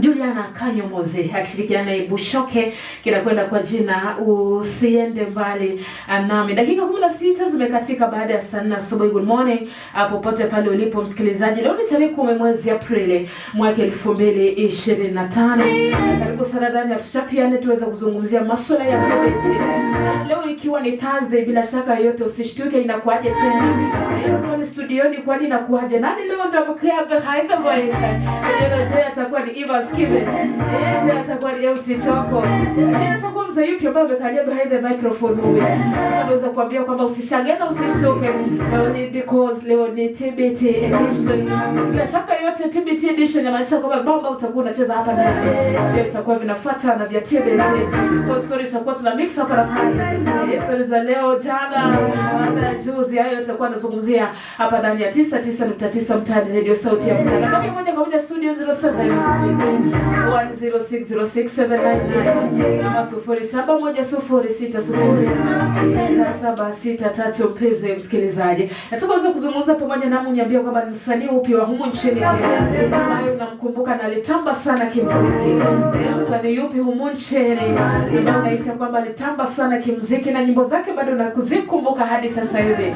Juliana Kanyomozi akishirikiana na Bushoke kinakwenda kwa jina usiende mbali uh, nami. Dakika 16 zimekatika baada ya saa nne asubuhi. Good morning uh, popote pale ulipo msikilizaji, leo ni tarehe kumi mwezi Aprili mwaka 2025. Karibu sana ndani ya tuchapiane tuweze kuzungumzia masuala ya TBT uh, leo, ikiwa ni Thursday, bila shaka yote usishtuke, inakuaje tena leo eh, kwa studioni, kwani inakuaje nani leo ndio mkia Haitha leo the mic eh, what it was given. swali au si chako. mzee yupi ambaye amekalia behind the microphone huyu? Tunaweza kuambia kwamba usishangae na usishtuke. Leo ni because leo ni TBT edition. Bila shaka yote TBT edition inamaanisha kwamba bomba utakuwa unacheza hapa na ndio tutakuwa vinafuata na vya TBT. Kwa story tutakuwa tuna mix hapa na pale. Yes, za leo jana na juzi hayo tutakuwa tunazungumzia hapa ndani ya 99.9 Mtaani Radio Sauti ya Mtaani. Moja kwa moja studio 07. 1060679 ama 0710606763. Mpenzi msikilizaji, nataka uweze kuzungumza pamoja nami uniambia kwamba ni msanii upi wa humu nchini ambaye unamkumbuka na alitamba sana kimuziki. Msanii yupi humu nchini ambao unahisi kwamba alitamba sana kimuziki na nyimbo zake bado nakuzikumbuka hadi sasa hivi?